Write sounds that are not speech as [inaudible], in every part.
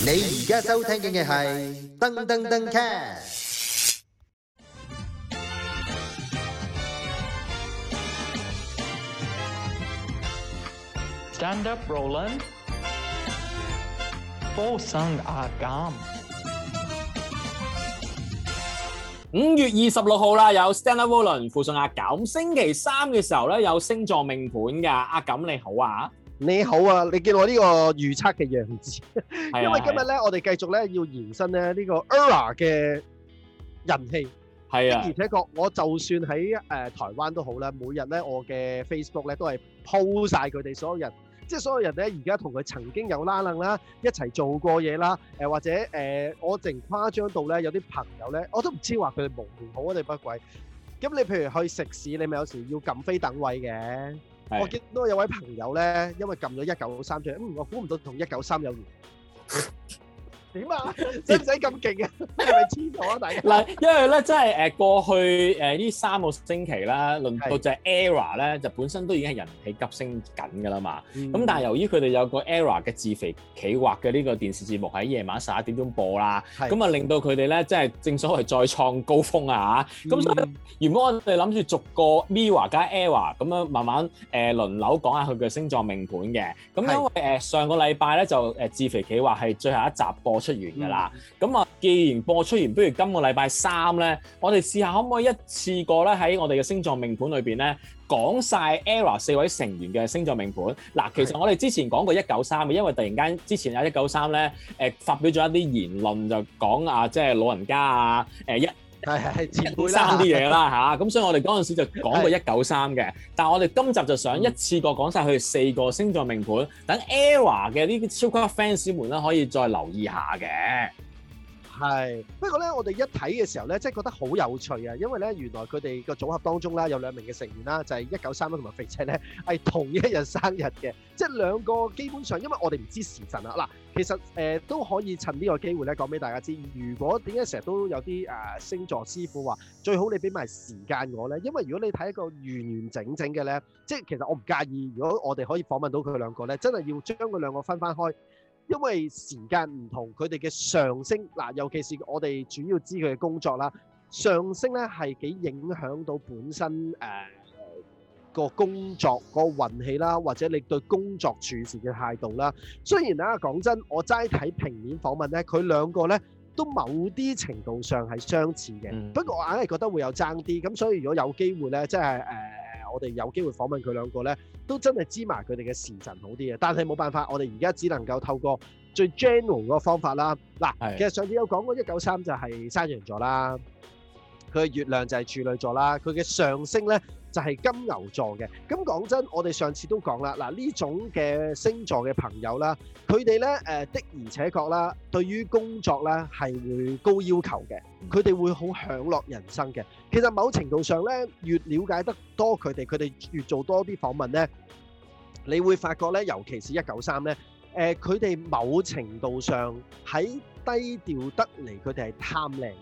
你而家收聽嘅係噔噔噔 cast。Stand up, Roland。附送阿錦。五月二十六號啦，有 Stand up, Roland。附送阿錦。星期三嘅時候呢，有星座命盤㗎。阿錦你好啊。你好啊，你見我呢個預測嘅樣子， [laughs] 因為今日咧，的我哋繼續咧要延伸咧呢、這個 Error 嘅人氣，係啊的，而且確我就算喺誒、呃、台灣都好啦，每日咧我嘅 Facebook 咧都係 po 晒佢哋所有人，即係所有人咧而家同佢曾經有拉楞啦，一齊做過嘢啦，誒、呃、或者誒、呃、我淨誇張到咧有啲朋友咧，我都唔知話佢哋無聊好定乜鬼，咁你譬如去食肆，你咪有時要撳飛等位嘅。是我見到有位朋友咧，因為撳咗一九三出嚟，嗯，我估唔到同一九三有緣。 [laughs] 點 [laughs] 啊？使唔使咁勁啊？係咪黐錯啊？大嗱，因為咧，即係誒過去誒呢、呃、三個星期啦，輪到就係 ERROR 咧，就本身都已經係人氣急升緊嘅啦嘛。咁、嗯、但係由於佢哋有個 ERROR 嘅自肥企劃嘅呢個電視節目喺夜晚十一點鐘播啦，咁啊是令到佢哋咧，即係正所謂再創高峰啊嚇。咁、嗯、所以原本我哋諗住逐個 MIRROR 加 ERROR 咁樣慢慢誒輪、呃、流講下佢嘅星座命盤嘅，咁因為誒是、呃、上個禮拜咧就誒自肥企劃係最後一集播。出完噶啦，咁啊，既然播出完，不如今個禮拜三咧，我哋試下可唔可以一次過咧喺我哋嘅星座命盤裏邊咧，講晒 Error 四位成員嘅星座命盤。嗱，其實我哋之前講過一九三嘅，因為突然間之前啊一九三咧，誒發表咗一啲言論就講啊，即係老人家啊，誒一。係係係一九三啲嘢啦嚇，咁、 [laughs] 啊、所以我哋嗰陣時就講過一九三嘅，是但係我哋今集就想一次過講晒佢哋四個星座命盤，等 ERROR 嘅啲超級 fans 們咧，可以再留意下嘅。係，不過咧我哋一睇嘅時候咧，即係覺得好有趣啊，因為咧原來佢哋個組合當中咧有兩名嘅成員啦，就係一九三啦同埋肥仔咧係同一日生日嘅，即係兩個基本上因為我哋唔知時辰啊嗱。其實誒都可以趁呢個機會咧，講俾大家知。如果點解成日都有啲誒星座師傅話最好你俾埋時間我咧？因為如果你睇一個完完整整嘅咧，即係其實我唔介意。如果我哋可以訪問到佢兩個咧，真係要將佢兩個分翻開，因為時間唔同，佢哋嘅上升嗱，尤其是我哋主要知佢嘅工作啦，上升咧係幾影響到本身誒。個工作個運氣啦，或者你對工作處事嘅態度啦，雖然咧，講真，我齋睇平面訪問咧，佢兩個咧都某啲程度上係相似嘅，嗯、不過我硬係覺得會有爭啲，咁所以如果有機會咧，即係誒、呃，我哋有機會訪問佢兩個咧，都真係知埋佢哋嘅時辰好啲嘅，但係冇辦法，我哋而家只能夠透過最 general 個方法啦。嗱是，其實上次有講過一九三就係山羊座啦，佢嘅月亮就係處女座啦，佢嘅上升咧。就係金牛座嘅。咁講真，我哋上次都講啦，嗱呢種嘅星座嘅朋友啦，佢哋呢，誒，的而且確啦，對於工作呢係會高要求嘅，佢哋會好享樂人生嘅。其實某程度上呢，越了解得多佢哋，佢哋越做多啲訪問呢，你會發覺呢，尤其是一九三呢，誒，佢哋某程度上喺低調得嚟，佢哋係貪靚。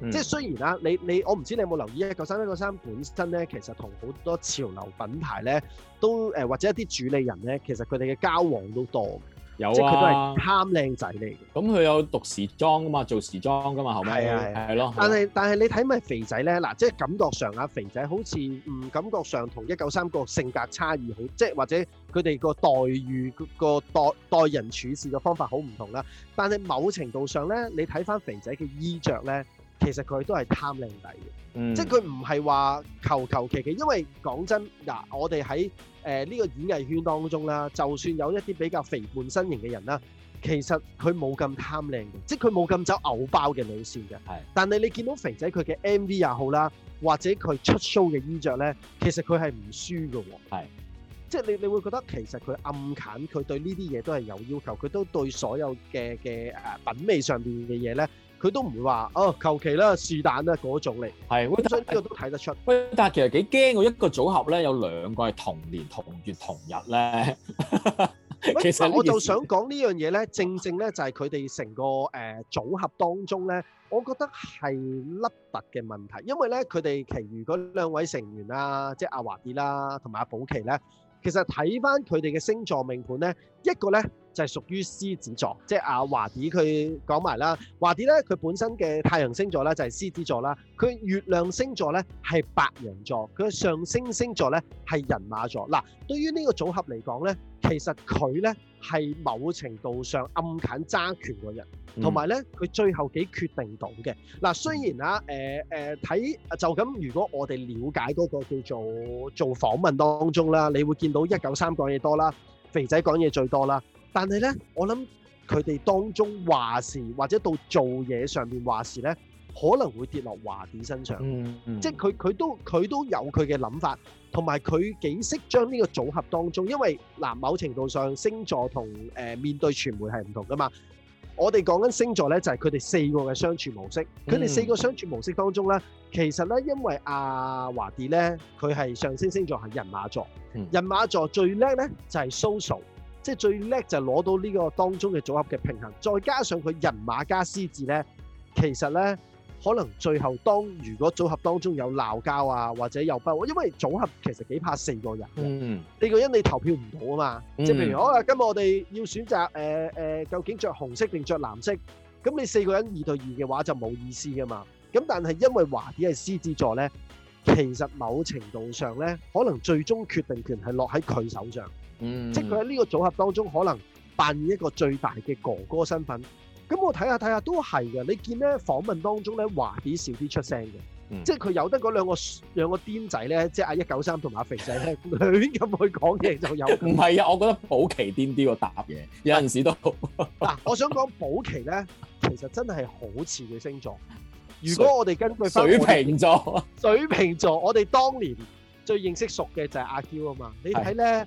嗯、即係雖然啦、啊，你你我唔知你有冇留意一九三一九三本身咧，其實同好多潮流品牌咧，都誒、呃、或者一啲主理人咧，其實佢哋嘅交往都多即佢都啊，都係貪靚仔嚟嘅。咁佢、嗯、有讀時裝㗎嘛，做時裝噶嘛，後尾係係咯。但係但係你睇咪肥仔咧？嗱，即係感覺上啊，肥仔好似唔感覺上同一九三個性格差異好，即係或者佢哋個待遇個待待人處事嘅方法好唔同啦。但係某程度上咧，你睇翻肥仔嘅衣着咧。其實佢都係貪靚仔嘅，嗯、即係佢唔係話求求其其，因為講真嗱，我哋喺誒呢個演藝圈當中啦，就算有一啲比較肥胖身形嘅人啦，其實佢冇咁貪靚嘅，即係佢冇咁走牛包嘅路線嘅。係是，但係你見到肥仔佢嘅 MV 又好啦，或者佢出 show 嘅衣着咧，其實佢係唔輸㗎喎。是即係你你會覺得其實佢暗揀，佢對呢啲嘢都係有要求，佢都對所有嘅嘅誒品味上邊嘅嘢咧。佢都唔會話哦，求其啦，是但啦嗰種嚟。係，我相信呢個都睇得出。喂，但係其實幾驚喎，一個組合咧有兩個係同年同月同日咧。其實我就想講呢樣嘢咧，正正咧就係佢哋成個誒組合當中咧，我覺得係凹凸嘅問題，因為咧佢哋其餘嗰兩位成員啊，即係阿華啲啦，同埋阿寶琪咧，其實睇返佢哋嘅星座命盤咧，一個咧。就係屬於獅子座，即係阿華啲佢講埋啦。華啲咧，佢本身嘅太陽星座咧就係獅子座啦。佢月亮星座咧係白羊座，佢嘅上升星，星座咧係人馬座。嗱，對於呢個組合嚟講咧，其實佢咧係某程度上暗緊揸權嘅人，同埋咧佢最後幾決定到嘅。嗱，雖然啊誒誒睇就咁，如果我哋了解嗰個叫做做訪問當中啦，你會見到一九三講嘢多啦，肥仔講嘢最多啦。但係咧，我諗佢哋當中話事或者到做嘢上面話事呢，可能會跌落華 Dee 身上。嗯嗯、即係佢佢都佢都有佢嘅諗法，同埋佢幾識將呢個組合當中，因為嗱、呃、某程度上星座同誒、呃、面對傳媒係唔同噶嘛。我哋講緊星座呢，就係佢哋四個嘅相處模式。佢哋、嗯、四個相處模式當中呢，其實呢，因為阿、啊、華 Dee 呢，佢係上升星座係人馬座。嗯、人馬座最叻呢，就係、是、social。即係最叻就係攞到呢個當中嘅組合嘅平衡，再加上佢人馬加獅子咧，其實咧可能最後當如果組合當中有鬧交啊，或者有不和，因為組合其實幾怕四個人，嗯，呢個人你投票唔到啊嘛，即係譬如好啦，今日我哋要選擇誒誒，究竟著紅色定著藍色？咁你四個人二對二嘅話就冇意思噶嘛。咁但係因為華 Dee 係獅子座咧，其實某程度上咧，可能最終決定權係落喺佢手上。嗯、即係佢喺呢個組合當中，可能扮演一個最大嘅哥哥身份。咁我睇下睇下都係嘅。你見咧訪問當中咧，華、嗯、仔少啲出聲嘅，即係佢有得嗰兩個兩個癲仔咧，即係阿一九三同埋阿肥仔咧，亂咁去講嘢就有。唔係啊，我覺得保錡癲啲喎，答嘢有陣時都嗱但、 [laughs] 啊，我想講保錡咧，其實真係好似嘅星座。如果我哋根據水瓶座，水瓶座，我哋當年最認識熟嘅就係阿嬌啊嘛，你睇咧。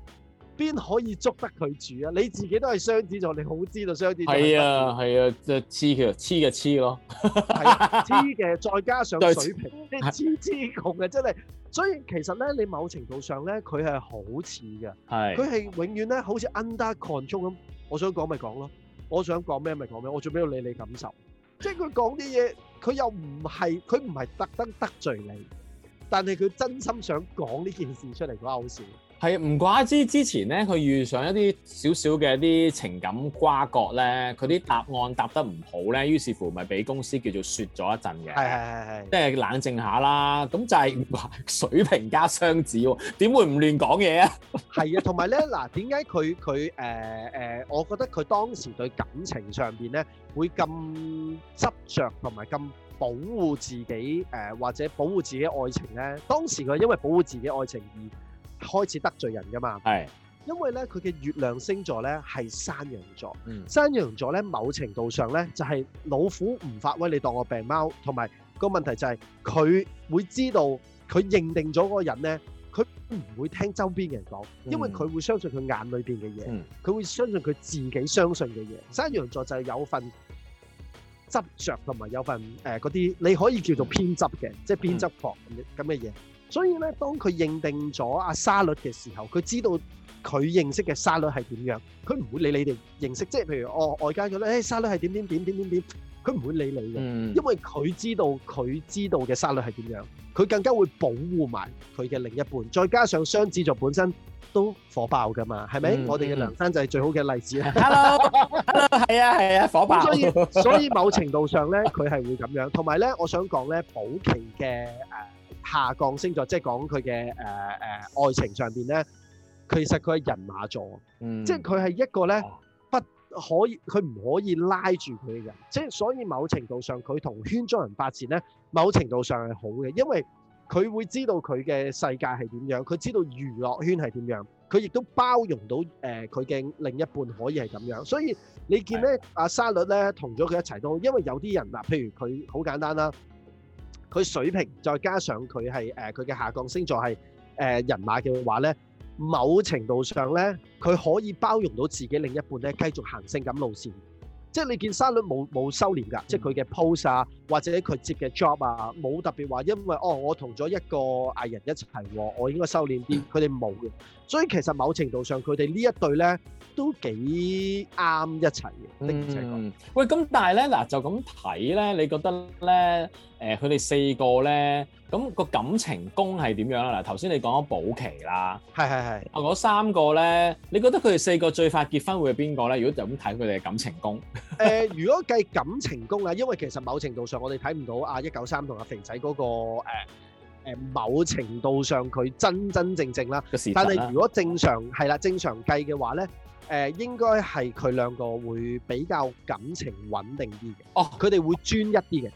邊可以捉得佢住啊？你自己都係雙子座，你好知道雙子座。係啊，係啊，就黐嘅，黐嘅黐咯。黐嘅，再加上水平，你黐黐窮嘅真係。所以其實咧，你某程度上咧，佢係好似嘅。係是。佢係永遠咧，好似 under control 咁。我想講咪講咯，我想講咩咪講咩，我做咩要理你感受。即係佢講啲嘢，佢又唔係，佢唔係特登得罪你，但係佢真心想講呢件事出嚟，嗰下好笑。係唔怪之呢，之前咧佢遇上一啲少少嘅一啲情感瓜葛咧，佢啲答案答得唔好咧，於是乎咪俾公司叫做雪咗一陣嘅。係係係係，即係冷靜下啦。咁就係水瓶加雙子喎，點會唔亂講嘢啊？係啊，同埋咧嗱，點解佢佢誒誒？我覺得佢當時對感情上邊咧會咁執着同埋咁保護自己誒、呃，或者保護自己愛情咧？當時佢因為保護自己愛情而，開始得罪人噶嘛？係的，因為咧佢嘅月亮星座咧係山羊座，嗯、山羊座咧某程度上咧就係、是、老虎唔發威，你當我病貓。同埋個問題就係、是、佢會知道佢認定咗嗰個人咧，佢唔會聽周邊嘅人講，因為佢會相信佢眼裏邊嘅嘢，佢、嗯、會相信佢自己相信嘅嘢。山羊座就係有份執着，同埋有，有份誒嗰啲，呃、你可以叫做偏執嘅，嗯、即係偏執狂咁嘅嘢。嗯所以咧，當佢認定咗阿沙律嘅時候，佢知道佢認識嘅沙律係點樣，佢唔會理你哋認識。即係譬如我、哦、外界嘅咧，沙律係點點點點點點，佢唔會理你嘅，因為佢知道佢知道嘅沙律係點樣，佢更加會保護埋佢嘅另一半。再加上雙子座本身都火爆㗎嘛，係咪？嗯、我哋嘅梁生就係最好嘅例子啦。嗯、 [laughs] hello，係啊係啊，啊，火爆。嗯、所以所以某程度上咧，佢係會咁樣。同埋咧，我想講咧，保期嘅誒。呃下降星座即係講佢嘅誒誒愛情上邊呢，其實佢係人馬座，嗯、即係佢係一個呢，不可以，佢唔可以拉住佢嘅人。即係所以某程度上佢同圈中人發展呢，某程度上係好嘅，因為佢會知道佢嘅世界係點樣，佢知道娛樂圈係點樣，佢亦都包容到誒佢嘅另一半可以係咁樣，所以你見呢，阿的、啊、沙律呢，同咗佢一齊都，因為有啲人嗱，譬如佢好簡單啦。佢水平再加上佢係佢嘅下降星座係人馬嘅話，某程度上咧，佢可以包容到自己另一半繼續行性感路線。即係你件衫咧冇冇收斂噶，即係佢嘅 pose 啊，或者佢接嘅 job 啊，冇特別話，因為哦，我同咗一個藝人一齊喎，我應該收斂啲。佢哋冇嘅，所以其實某程度上佢哋呢一對咧都幾啱一齊嘅，的而且確。喂，咁但係咧嗱，就咁睇咧，你覺得咧，誒，佢哋四個咧，咁個感情宮係點樣啊？嗱，頭先你講咗保期啦，係係係。啊，嗰三個咧，你覺得佢哋四個最快結婚會係邊個咧？如果就咁睇佢哋嘅感情宮？誒、 [laughs] 呃，如果計感情功啊，因為其實某程度上我哋睇唔到阿一九三同阿肥仔嗰、那個誒、呃呃、某程度上佢真真正正啦。但係如果正常係啦，哦、正常計嘅話咧，誒、呃、應該係佢兩個會比較感情穩定啲嘅。哦，佢哋會專一啲嘅。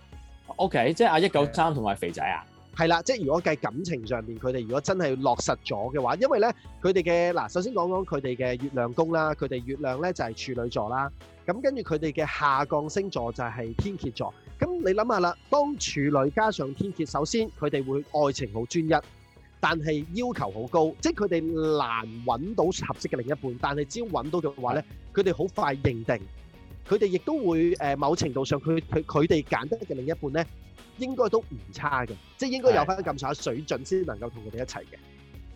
OK，即係阿一九三同埋肥仔啊。呃係啦，即係如果計感情上面，佢哋如果真係落實咗嘅話，因為呢，佢哋嘅嗱，首先講講佢哋嘅月亮宮啦，佢哋月亮呢就係處女座啦。咁跟住佢哋嘅下降星座就係天蠍座。咁你諗下啦，當處女加上天蠍，首先佢哋會愛情好專一，但係要求好高，即係佢哋難揾到合適嘅另一半。但係只要揾到嘅話呢，佢哋好快認定。佢哋亦都會誒某程度上，佢佢哋揀得嘅另一半呢。應該都唔差嘅，即係應該有翻咁上下水準先能夠同佢哋一齊嘅。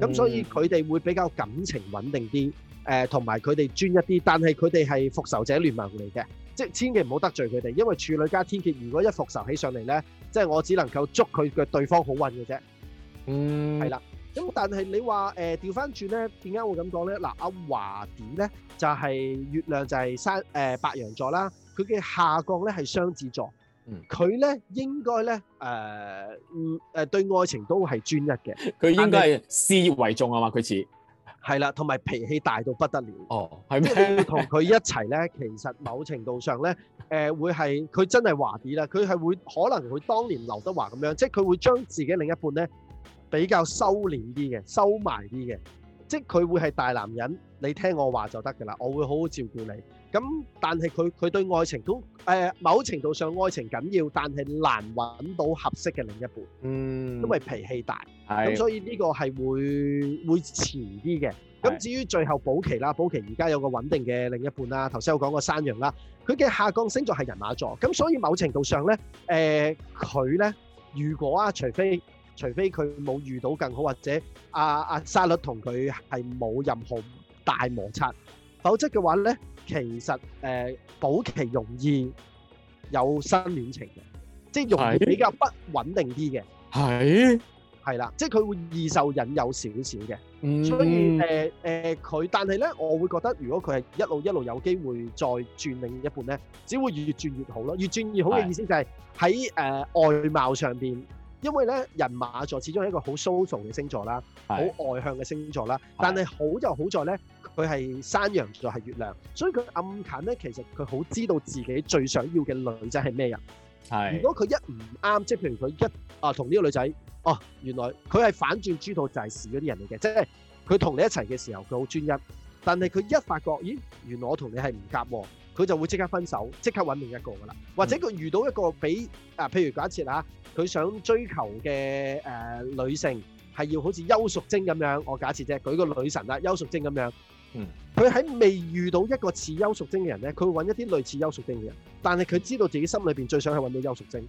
咁的所以佢哋會比較感情穩定啲，誒同埋佢哋專一啲。但係佢哋係復仇者聯盟嚟嘅，即係千祈唔好得罪佢哋，因為處女加天蠍。如果一復仇起上嚟呢，即係我只能夠祝佢嘅對方好運嘅啫。嗯，係啦。咁但係你話誒調翻轉呢，點解會咁講呢？嗱，阿華啲呢，就係、是、月亮就係生誒白羊座啦，佢嘅下降呢係雙子座。佢咧、嗯、應該咧誒、呃、嗯誒、呃、對愛情都係專一嘅，佢應該係事業為重啊嘛佢似係啦，同埋脾氣大到不得了哦，即係你要同佢一齊咧，其實某程度上咧誒、呃、會係佢真係華啲啦，佢係會可能佢當年劉德華咁樣，即係佢會將自己另一半咧比較收斂啲嘅，收埋啲嘅，即係佢會係大男人，你聽我話就得㗎啦，我會好好照顧你。咁，但係佢佢對愛情都誒、呃，某程度上愛情緊要，但係難揾到合適嘅另一半，嗯，因為脾氣大，咁的所以呢個係會會遲啲嘅。咁至於最後保錡啦，保錡而家有個穩定嘅另一半啦。頭先我講過山羊啦，佢嘅下降星座係人馬座，咁所以某程度上呢，誒、呃、佢呢，如果啊，除非除非佢冇遇到更好，或者阿、啊、阿、啊、沙律同佢係冇任何大摩擦，否則嘅話呢。其實誒，保期容易有新戀情嘅，即係容易比較不穩定啲嘅。係係啦，即係佢會易受引誘少少嘅。嗯，所以誒誒，佢但係咧，我會覺得如果佢係一路一路有機會再轉另一半咧，只會越轉越好咯。越轉越好嘅意思就係喺誒外貌上邊，因為咧人馬座始終係一個好 social 嘅星座啦，好外向嘅星座啦。但係好就好在咧。佢係山羊座，係月亮，所以佢暗近咧，其實佢好知道自己最想要嘅女仔係咩人。係是如果佢一唔啱，即係譬如佢一啊同呢個女仔哦、啊，原來佢係反轉豬肚就係屎嗰啲人嚟嘅，即係佢同你一齊嘅時候佢好專一，但係佢一發覺，咦，原來我同你係唔夾，佢就會即刻分手，即刻揾另一個噶啦。或者佢遇到一個俾啊，譬如假設啊，佢想追求嘅誒、呃、女性係要好似邱淑貞咁樣，我假設啫，舉個女神啊，邱淑貞咁樣。嗯，佢喺未遇到一個似邱淑貞嘅人呢，佢會揾一啲類似邱淑貞嘅人，但係佢知道自己心裏邊最想去揾到邱淑貞，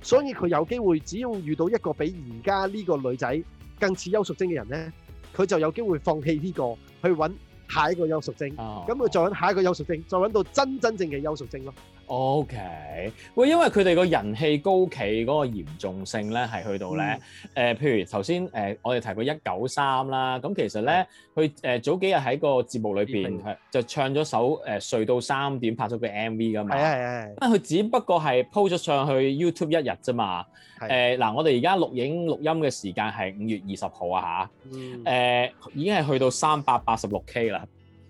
所以佢有機會，只要遇到一個比而家呢個女仔更似邱淑貞嘅人呢，佢就有機會放棄呢、這個去揾下一個邱淑貞，咁佢、哦、再揾下一個邱淑貞，再揾到真真正嘅邱淑貞咯。O K. 喂，okay. 因為佢哋個人氣高企嗰個嚴重性咧，係去到咧誒、嗯呃，譬如頭先誒我哋提過一九三啦，咁其實咧佢誒早幾日喺個節目裏邊、嗯、就唱咗首誒睡到三點拍咗個 M V 噶嘛，係啊係啊，但係佢只不過係 post 咗上去 YouTube 一日啫嘛，係嗱的、呃，我哋而家錄影錄音嘅時間係五月二十號啊嚇，嗯，嗯已經係去到三百八十六 K 啦。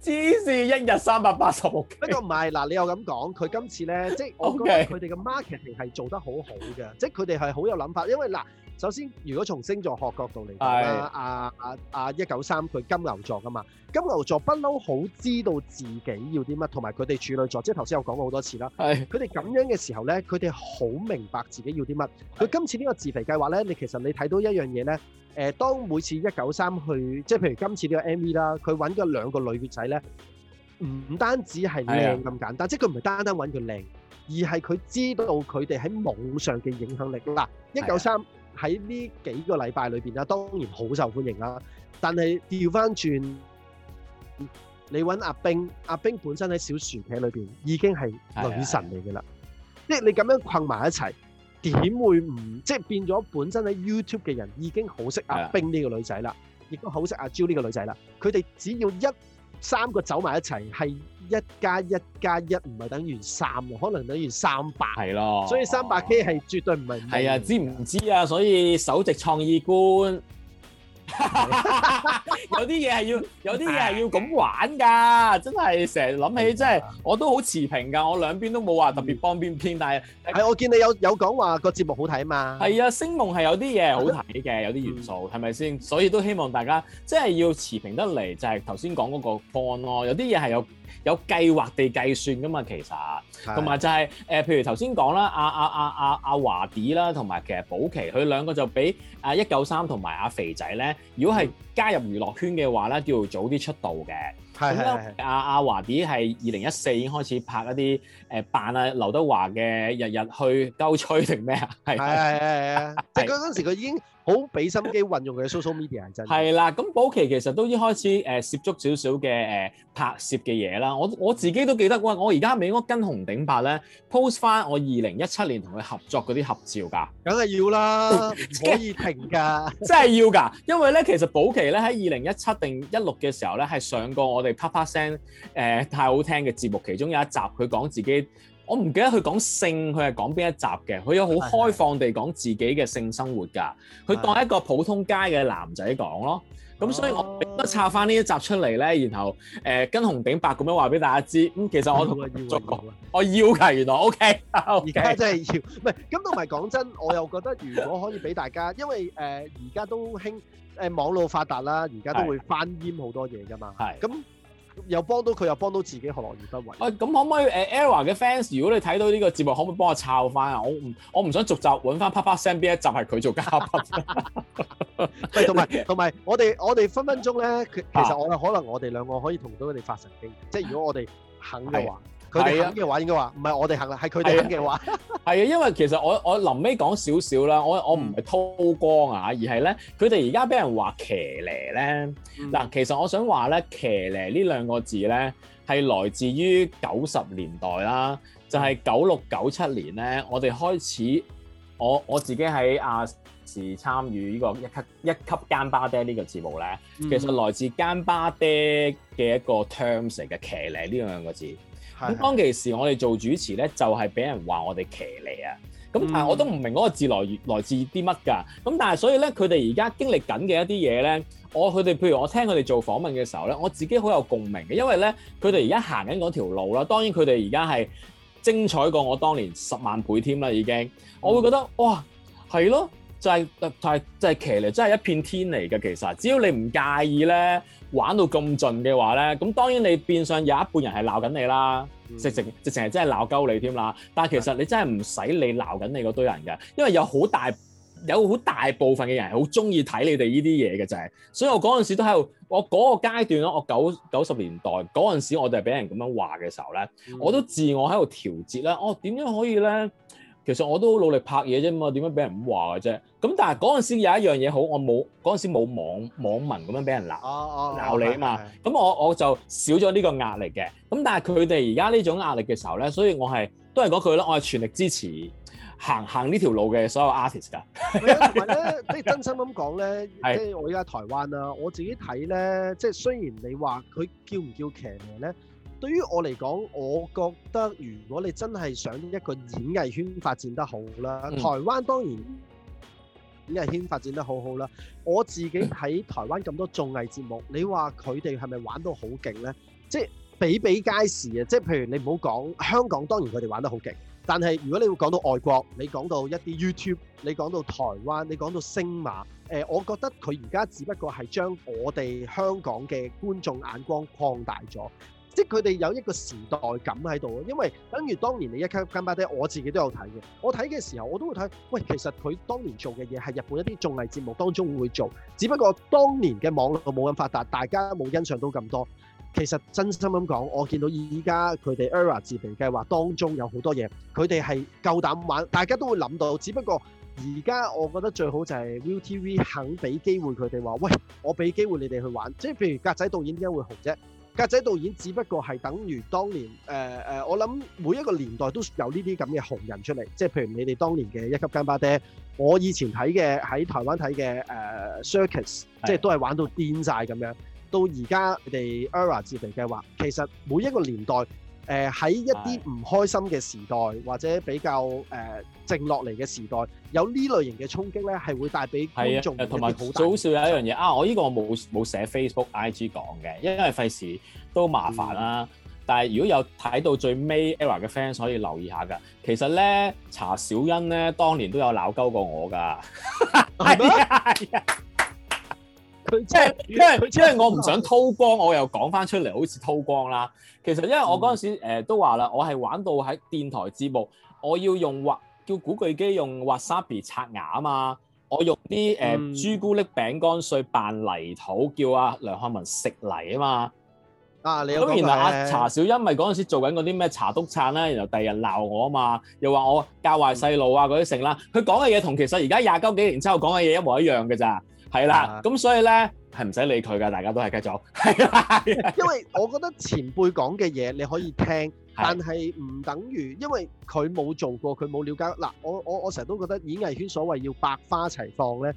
芝士一日三百八十盒，不過唔係嗱，你又咁講，佢今次咧，即係我覺得佢哋嘅 marketing 係做得好好嘅，Okay. 即係佢哋係好有諗法，因為嗱，首先如果從星座學角度嚟講啦，阿阿阿一九三佢金牛座噶嘛，金牛座不嬲好知道自己要啲乜，同埋佢哋處女座，即係頭先我講過好多次啦，係的，佢哋咁樣嘅時候咧，佢哋好明白自己要啲乜，佢的今次呢個自肥計劃咧，你其實你睇到一樣嘢咧。誒，當每次一九三去，即係譬如今次呢個 MV 啦，佢揾咗兩個女仔咧，唔單止係靚咁簡單，是的 即係佢唔係單單揾佢靚，而係佢知道佢哋喺網上嘅影響力啦。一九三喺呢幾個禮拜裏邊啊，當然好受歡迎啦，但係調翻轉，你揾阿冰，阿冰本身喺小薯茄裏邊已經係女神嚟噶啦，是的是的，即係你咁樣困埋一齊。點會唔即係變咗本身喺 YouTube 嘅人已經好識阿冰呢個女仔啦，亦都好識阿蕉呢個女仔啦。佢哋只要一三個走埋一齊，係一加一加一唔係等於三，可能等於三百。係咯，所以三百 K 係絕對唔係。係啊，知唔知啊？所以首席創意官。有啲嘢係要，有啲嘢係要咁玩㗎，真係成日諗起真係，我都好持平㗎，我兩邊都冇話特別幫邊邊，但係係我見你有有講話個節目好睇嘛，係啊，星夢係有啲嘢好睇嘅，有啲元素係咪先？所以都希望大家即係要持平得嚟，就係頭先講嗰個方咯，有啲嘢係有有計劃地計算㗎嘛，其實，同埋就係誒，譬如頭先講啦，阿阿阿阿阿華仔啦，同埋其實寶琪，佢兩個就俾誒一九三同埋阿肥仔咧。如果係加入娛樂圈嘅話咧，都要早啲出道嘅。咁咧，阿阿華仔係二零一四已經開始拍一啲誒扮啊劉德華嘅，日日去鳩吹定咩啊？係係係係啊！即係嗰陣時佢已經。好俾心機運用佢嘅 social media，真係啦，咁寶奇其實都已經開始誒、呃，涉足少少嘅誒拍攝嘅嘢啦。我我自己都記得喎、呃，我而家美屋跟紅頂白咧 post 翻我二零一七年同佢合作嗰啲合照㗎。梗係要啦， [laughs] 唔可以停㗎， [laughs] 真係要㗎。因為咧，其實寶奇咧喺二零一七定一六嘅時候咧，係上過我哋啪啪聲誒、呃、太好聽嘅節目，其中有一集佢講自己。我唔記得佢講性，佢係講邊一集嘅？佢有好開放地講自己嘅性生活㗎。佢當一個普通街嘅男仔講咯。咁所以我都插翻呢一集出嚟咧，然後誒跟紅頂白咁樣話俾大家知。咁其實我同佢要，我要㗎，原來 O K。而家真係要，唔係咁，同埋講真，我又覺得如果可以俾大家，因為誒而家都興誒網絡發達啦，而家都會翻醖好多嘢㗎嘛。係咁。又幫到佢，又幫到自己，何樂而不為？喂、啊，咁可唔可以？誒 Error 嘅 fans，如果你睇到呢個節目，可唔可以幫我抄翻啊？我唔，我唔想逐集揾翻啪啪聲，俾一集係佢做嘉賓。喂， [laughs] [laughs] 同埋，同埋，我哋，我哋分分鐘咧，其實我 [laughs] 可能我哋兩個可以同到佢哋發神經。 [laughs] 即係如果我哋肯嘅話。佢哋講嘅話應該話唔係我哋行啦，係佢哋講嘅話。係 [laughs] 啊，因為其實我我臨尾講少少啦，我點點我唔係韜光啊，而係咧，佢哋而家俾人話騎呢咧嗱。嗯、其實我想話咧，騎呢呢兩個字咧，係來自於九十年代啦，就係九六九七年咧，我哋開始我我自己喺亞視參與呢個一級一級間巴爹呢、呢個節目咧，其實來自間巴爹嘅一個 terms 嚟嘅騎呢呢兩個字。咁當其時，我哋做主持咧，就係俾人話我哋騎呢啊！咁但係我都唔明嗰個字來源來自啲乜㗎？咁但係所以咧，佢哋而家經歷緊嘅一啲嘢咧，我佢哋譬如我聽佢哋做訪問嘅時候咧，我自己好有共鳴嘅，因為咧佢哋而家行緊嗰條路啦。當然佢哋而家係精彩過我當年十萬倍添啦，已經。我會覺得哇，係咯～就係、是、就係、是、就係騎呢真係一片天嚟嘅。其實只要你唔介意咧，玩到咁盡嘅話咧，咁當然你變相有一半人係鬧緊你啦、嗯，直情直直係真係鬧鳩你添啦。但係其實你真係唔使你鬧緊你嗰堆人嘅，因為有好大有好大部分嘅人係好中意睇你哋呢啲嘢嘅就係。所以我嗰陣時都喺度，我嗰個階段咯，我九九十年代嗰陣時，我哋係俾人咁樣話嘅時候咧，嗯、我都自我喺度調節啦。我、哦、點樣可以咧？其實我都好努力拍嘢啫嘛，點樣俾人咁話嘅啫？咁但係嗰陣時有一樣嘢好，我冇嗰陣時冇網網民咁樣俾人鬧鬧、啊啊、你啊嘛。咁我我就少咗呢個壓力嘅。咁但係佢哋而家呢種壓力嘅時候咧，所以我係都係嗰句啦，我係全力支持行行呢條路嘅所有 artist 㗎。係啊，同埋咧，即係 [laughs] 真心咁講咧，的即係我而家台灣啊，我自己睇咧，即係雖然你話佢叫唔叫騎咩咧？對於我嚟講，我覺得如果你真係想一個演藝圈發展得好啦，嗯、台灣當然演藝圈發展得好好啦。我自己喺台灣咁多綜藝節目，你話佢哋係咪玩到好勁呢？即係比比皆是啊！即係譬如你唔好講香港，當然佢哋玩得好勁。但係如果你會講到外國，你講到一啲 YouTube，你講到台灣，你講到星馬，誒、呃，我覺得佢而家只不過係將我哋香港嘅觀眾眼光擴大咗。即係佢哋有一個時代感喺度，因為等於當年你一級金巴爹，我自己都有睇嘅。我睇嘅時候，我都會睇。喂，其實佢當年做嘅嘢係日本一啲綜藝節目當中會做，只不過當年嘅網絡冇咁發達，大家冇欣賞到咁多。其實真心咁講，我見到依家佢哋 ERROR 自備計劃當中有好多嘢，佢哋係夠膽玩，大家都會諗到。只不過而家我覺得最好就係 ViuTV 肯俾機會佢哋話：喂，我俾機會你哋去玩。即係譬如格仔導演點解會紅啫？格仔導演只不過係等於當年，呃、我諗每一個年代都有呢啲咁嘅紅人出嚟，即係譬如你哋當年嘅一級金巴爹，我以前睇嘅喺台灣睇嘅誒，呃、circus，即係都係玩到癲曬咁樣，到而家你哋 era 節目計劃，其實每一個年代。誒喺、呃、一啲唔開心嘅時代，或者比較誒靜落嚟嘅時代，有呢類型嘅衝擊咧，係會帶俾觀眾嘅。同埋最好笑有一樣嘢啊！我呢個我冇冇寫 Facebook、IG 講嘅，因為費事，都麻煩啦。嗯、但係如果有睇到最尾 Error 嘅 fans 可以留意下㗎。其實咧，查小欣咧，當年都有鬧鳩過我㗎。係啊！即係因為因為我唔想偷光，我又講翻出嚟好似偷光啦。其實因為我嗰陣時都話啦，我係玩到喺電台節目，我要用滑叫古巨基用滑沙 s 刷牙啊嘛，我用啲誒朱古力餅乾碎扮泥土，叫阿梁漢文食泥啊嘛。咁然後阿茶小欣咪嗰陣時做緊嗰啲咩茶督察咧，然後第二日鬧我啊嘛，又話我教壞細路啊，嗰啲成啦。佢講嘅嘢同其實而家廿九幾年之後講嘅嘢一模一樣嘅咋。係啦，咁所以咧，係唔使理佢㗎，大家都係繼續。係啦， [laughs] 因為我覺得前輩講嘅嘢你可以聽，但係唔等於，因為佢冇做過，佢冇了解。嗱，我我我成日都覺得演藝圈所謂要百花齊放咧，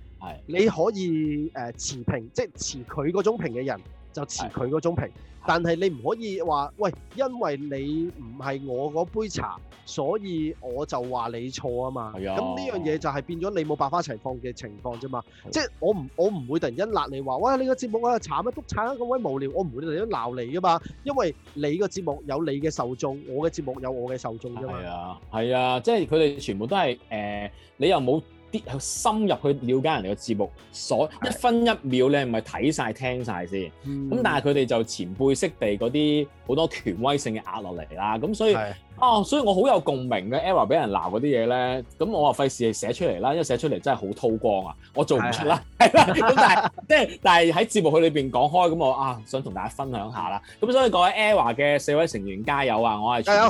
你可以誒持平，即係持佢嗰種評嘅人。就持佢嗰種評，的但係你唔可以話，喂，因為你唔係我嗰杯茶，所以我就話你錯啊嘛。咁呢樣嘢就係變咗你冇百花齊放嘅情況啫嘛。好即係我唔我唔會突然間辣你話，哇，你個節目啊，慘啊，督產啊，咁鬼無聊，我唔會突然間鬧你噶嘛。因為你個節目有你嘅受眾，我嘅節目有我嘅受眾啫嘛。係啊，係啊，即係佢哋全部都係誒、呃，你又冇啲深入去了解人哋嘅節目，所的一分一秒咧，唔係睇晒、聽晒先。咁、嗯、但係佢哋就前輩式地嗰啲好多權威性嘅壓落嚟啦。咁所以哦的、啊，所以我好有共鳴嘅。Error 俾人鬧嗰啲嘢咧，咁我話費事係寫出嚟啦，因為寫出嚟真係好韜光啊，我做唔出啦。係啦的，咁 [laughs] [laughs] 但係即係但係喺節目佢裏邊講開咁，我啊想同大家分享下啦。咁所以各位 Error 嘅四位成員加油啊！我係